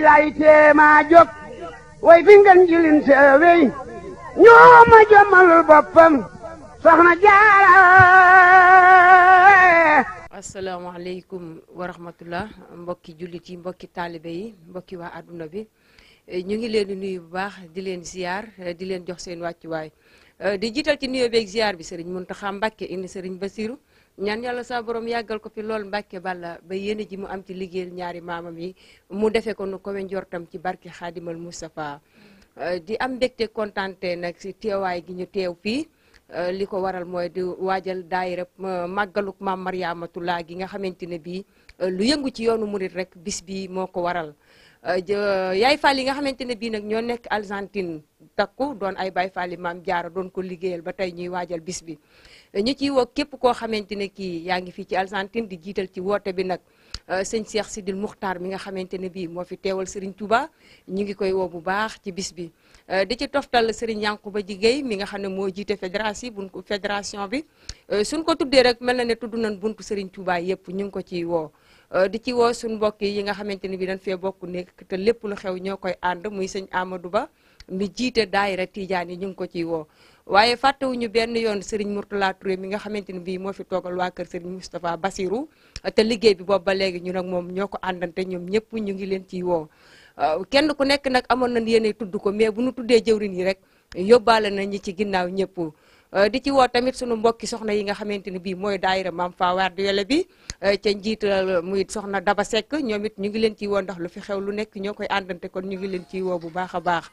lay teema jóg way fi ngeen jilin seewey ñoo ma jommalul boppam soxna jaara asalaamaaleykum wa rahmatullah mbokki jullit yi mbokki taalibe yi mbokki waa àdduna bi eh, ñu ngi leen di nuyu bu baax di leen ziar eh, di leen jox seen wàccuwaay eh, di jiital ci nuyoo beeg ziar bi sëriñ Muntaxa Mbàkke indi sëriñ Basiru ñaan yàlla sa borom yàggal ko fi lool Mbàkke bala ba yéene ji mu am ci liggéeyal ñaari maamam yi mu defee ko nu kowe njortam ci barke xaadimal Moustapha euh, di am mbégte kontante nag si teewaay gi ñu teew fii euh, li ko waral mooy di waajal daayira euh, màggaluk maam Mariamatulaa gi nga xamante ne bii lu yëngu ci yoonu mu murit rek bis bi moo ko waral yaay faal yi nga xamante ne bii nag ñoo nekk Argentine takku doon ay baay faali maam jaara doon ko liggéeyal ba tey ñuy waajal bis bi ñu ciy woo képp koo xamante ne kii yaa ngi fii ci Argentine di jiital ci woote bi nag euh, sëñ Cheikh Sidil Muxtaar mi nga xamante ne bii moo fi teewal Serigne Touba ñu ngi koy woo bu baax ci bis bi. Euh, di ci toftal Serigne Yankuba Jigéey mi nga xam ne moo jiite fédération bu fédération bi euh, suñ ko tuddee rek mel na ne tudd nañ buntu Serigne Touba yëpp ñu ngi ko ciy woo. di ci woo suñ mbokk yi nga xamante ne bii dañ fee bokk nekk te lépp lu xew ñoo koy ànd muy sëñ amadu Ba mi jiite daayira Tijaan yi ñu ngi ko ciy woo. waaye fàttewuñu benn yoon Serigne Mourtala Touré mi nga xamante ni bii moo fi toogal waa kër Serigne Moustapha Bassirou te liggéey bi boobu ba léegi ñun ak moom ñoo ko àndante ñoom ñëpp ñu ngi leen ciy woo euh, kenn ku nekk nag amoon nañ yenee tudd ko mais bu ñu tuddee jëwrin yi rek yóbbaale na ñi ci ginnaaw ñëpp Eh, di ci woo tamit suñu mbokki soxna yi nga xamante ni bii mooy daayira maam fa waardu yole bi eh, ca njiit muy soxna Daba Seck ñoom it ñu ngi leen ci woo ndax lu fi xew lu nekk ñoo koy àndante kon ñu ngi leen ci woo bu baax a baax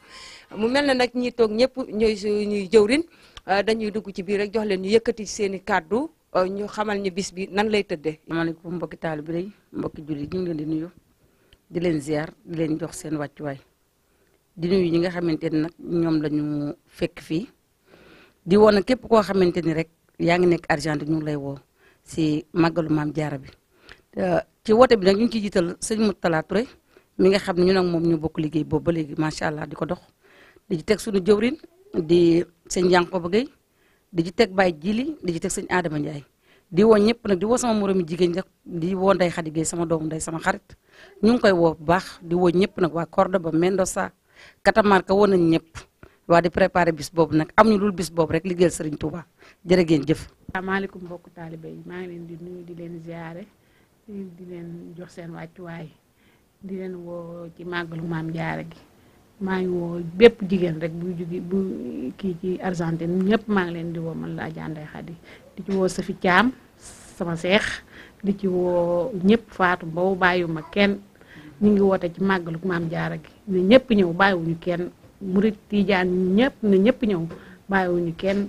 mu mel na nag ñi toog ñëpp ñooy ñuy jëwrin eh, dañuy dugg ci biir rek jox leen ñu yëkkati seen i kàddu ñu xamal ñu bis bi nan lay tëddee. asalaamaaleykum taal bi yi mbokki jullit ñu ngi leen di nuyu di leen ziar di leen jox seen wàccuwaay di nuyu ñi nga xamante ne nag ñoom la fekk fii di woo nag képp koo xamante ni rek yaa ngi nekk Argentine ñu ngi lay woo si màggalu maam jaara bi euh, ci woote bi nag ñu ngi ciy jiital sëñ Moutala Touré mi nga xam ne ñu nag moom ñu bokk liggéey boobu ba léegi macha allah di ko dox di ci teg suñu jëwrin di sëñ Yankoba Gueye di ci teg Baye Jili di ci teg sëñ Adama Ndiaye di woo ñëpp nag di woo sama moromu jigéen rek di woo Ndeye Khady Gueye sama doomu ndey sama xarit ñu ngi koy woo bu di woo ñëpp nag waa Cordoba Mendoza Catamarca woo nañ ñëpp waa di préparer bis boobu nag am ñu dul bis boobu rek liggéeyal Serigne Touba jërë ngeen jëf. asalaamaaleykum mbokku taaliba yi maa ngi leen di di leen ziare di leen jox seen wàccuwaay di leen woo ci màggalu maam jaara gi maa ngi woo bépp jigéen rek bu jugi bu kii ci Argentine ñëpp maa ngi leen di woo man la jànday xadi di ci woo sëfi Thiam sama seex di ci woo ñëpp faatu boobu bàyyiwuma kenn ñu ngi woote ci màggalu maam jaara gi ne ñëpp ñëw bàyyiwuñu kenn murit tiijaan ñëpp na ñëpp ñëw bàyyiwuñu kenn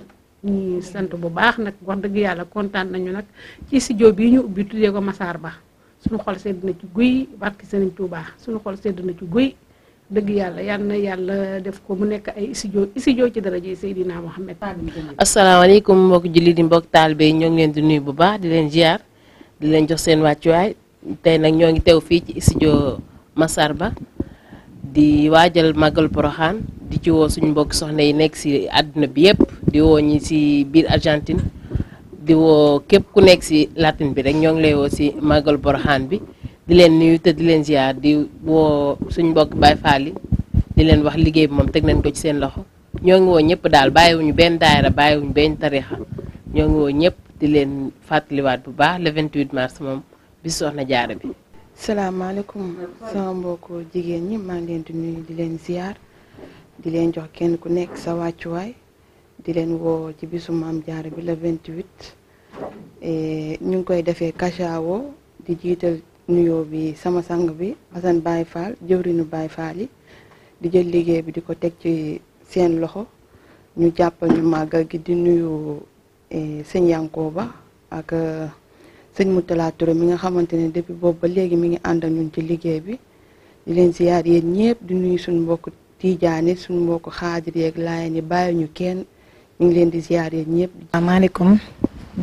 ñi sant bu baax nag wax dëgg yàlla kontaan nañu nag ci studio bii ñu ubbi tuddee ko Massar Ba suñu xol sedd na ci guy barki Sëriñ Tuubaa suñu xol sedd na ci guy dëgg yàlla yal na yàlla def ko mu nekk ay studio studio ci daraja Seydina Mohamed. asalaamaaleykum mbokk julli di mbokk taalibe ñoo ngi leen di nuy bu baax di leen ziar di leen jox seen wàccuwaay tey nag ñoo ngi teew fii ci studio Massar Ba di waajal màggal poroxaan di ci woo suñu mbokk soxna yi nekk si àdduna bi yëpp di woo ñi si biir Argentine di woo képp ku nekk si latin bi rek ñoo ngi lay woo si màggal poroxaan bi di leen nuyu te di leen ziar di woo suñ mbokk Baay Faal yi di leen wax liggéey bi moom teg nañ ko ci seen loxo ñoo ngi woo ñëpp daal ñu benn daayira bàyyiwuñu benn tarixa ñoo ngi woo ñëpp di leen fàttaliwaat bu baax le 28 mars moom bi soxna jaara bi salaamaaleykum sama mbokk jigéen ñi maa ngi leen di nuyu di leen ziar di leen jox kenn ku nekk sa wàccuwaay di leen woo ci bisu maam jaara bi la 28 e, ñu ngi koy defee kachaawo di jiital nuyoo bi sama sang bi Assane Baye Fall jëwriñu Baye Fall yi di jël liggéey bi di ko teg ci seen loxo ñu jàppal ñu gi di nuyu e, sëñ Yankooba ak. sëñ Moutala Touré mi nga xamante ne depuis boobu ba léegi mi ngi ànd ak ñun ci liggéey bi di leen ziyaar yéen ñëpp di nuyu suñu mbokk tiijaani suñu mbokk xaadir yeeg laayeen yi bàyyi ñu kenn mu ngi leen di ziyaar yéen ñëpp. asalaamaaleykum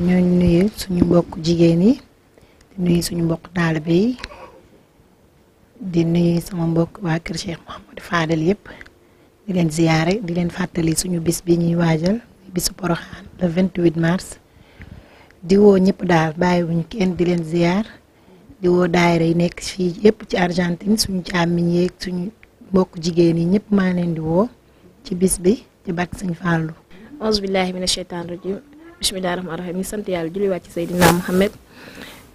ñoo nuyu suñu mbokk jigéen yi di nuyu suñu mbokk taalibe bi di nuyu sama mbokk waa kër Cheikh Mouhamadou Fadel yëpp di leen ziyaare di leen fàttali suñu bis bi ñuy waajal bisu Poroxaan le 28 mars. di woo ñëpp daal bàyyiwuñu kenn di leen ziar diwoo woo yi nekk fii yëpp ci Argentine suñu càmmiñ yeeg suñu mbokk jigéen yi ñëpp maa leen di woo ci bis bi ci bàkk Sëñ Fàllu auzu billahi mina sheytaan rajim bismillahi rahmaani rahim ñu sant yàlla julli wàcc Seydina Muhammad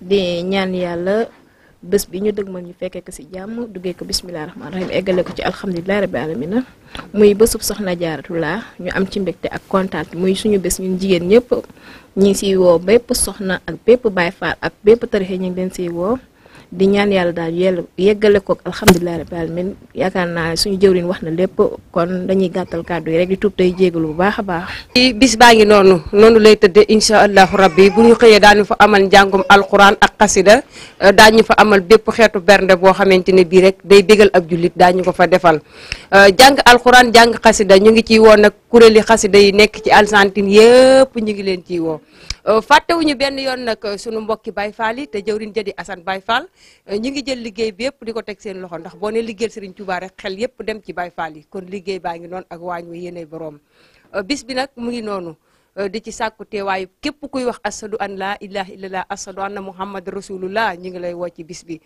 di ñaan yàlla bés bi ñu dëgmal ñu fekkee ko si jàmm duggee ko bisimilah rahmaani rahiim eggale ko ci alhamdulilah rabi alamina muy bésub soxna jaaratulaa ñu am ci mbégte ak kontaan muy suñu bés ñu jigéen ñëpp ñi ngi siy woo bépp soxna ak bépp baay faal ak bépp tarixe ñu ngi leen siy woo di ñaan yàlla daal yell yeggale kook alhamdulilah rabbil yaakaar naa suñu jëw jëwriñ wax na lépp kon dañuy gàttal kàddu yi rek di tuub tey jégalu bu baax a baax bis baa ngi noonu noonu lay tëdde incha allahu rabbi bu ñu xëyee daañu fa amal njàngum alquran ak xasida euh, daañu fa amal bépp xeetu bernde boo xamante ne bii rek day bégal ab jullit daañu ko fa defal euh, jàng alquran jàng xasida ñu ngi ciy woon nag kuréeli xasida yi nekk ci algentine yëpp ñu ngi leen ciy woo Euh, fàttewuñu benn yoon nag euh, sunu mbokki baay Fall yi te jëwriñ jëdi Assane baay Fall euh, ñu ngi jël liggéey bi yëpp di ko teg seen loxo ndax boo ne liggéeyal Serigne Touba rek xel yëpp dem ci Baye Fall yi kon liggéey baa ngi noonu ak waañ wa yéene boroom bis bi nag mu ngi noonu di ci sàkku teewaayu képp kuy wax asadu an laa ilaha illallah asadu anna muhammad rasulullah ñu ngi lay woo ci bis bi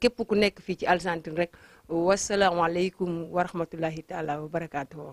képp ku nekk fii ci Argentine rek wasalaamualeykum wa rahmatullahi taala wa barakaatu.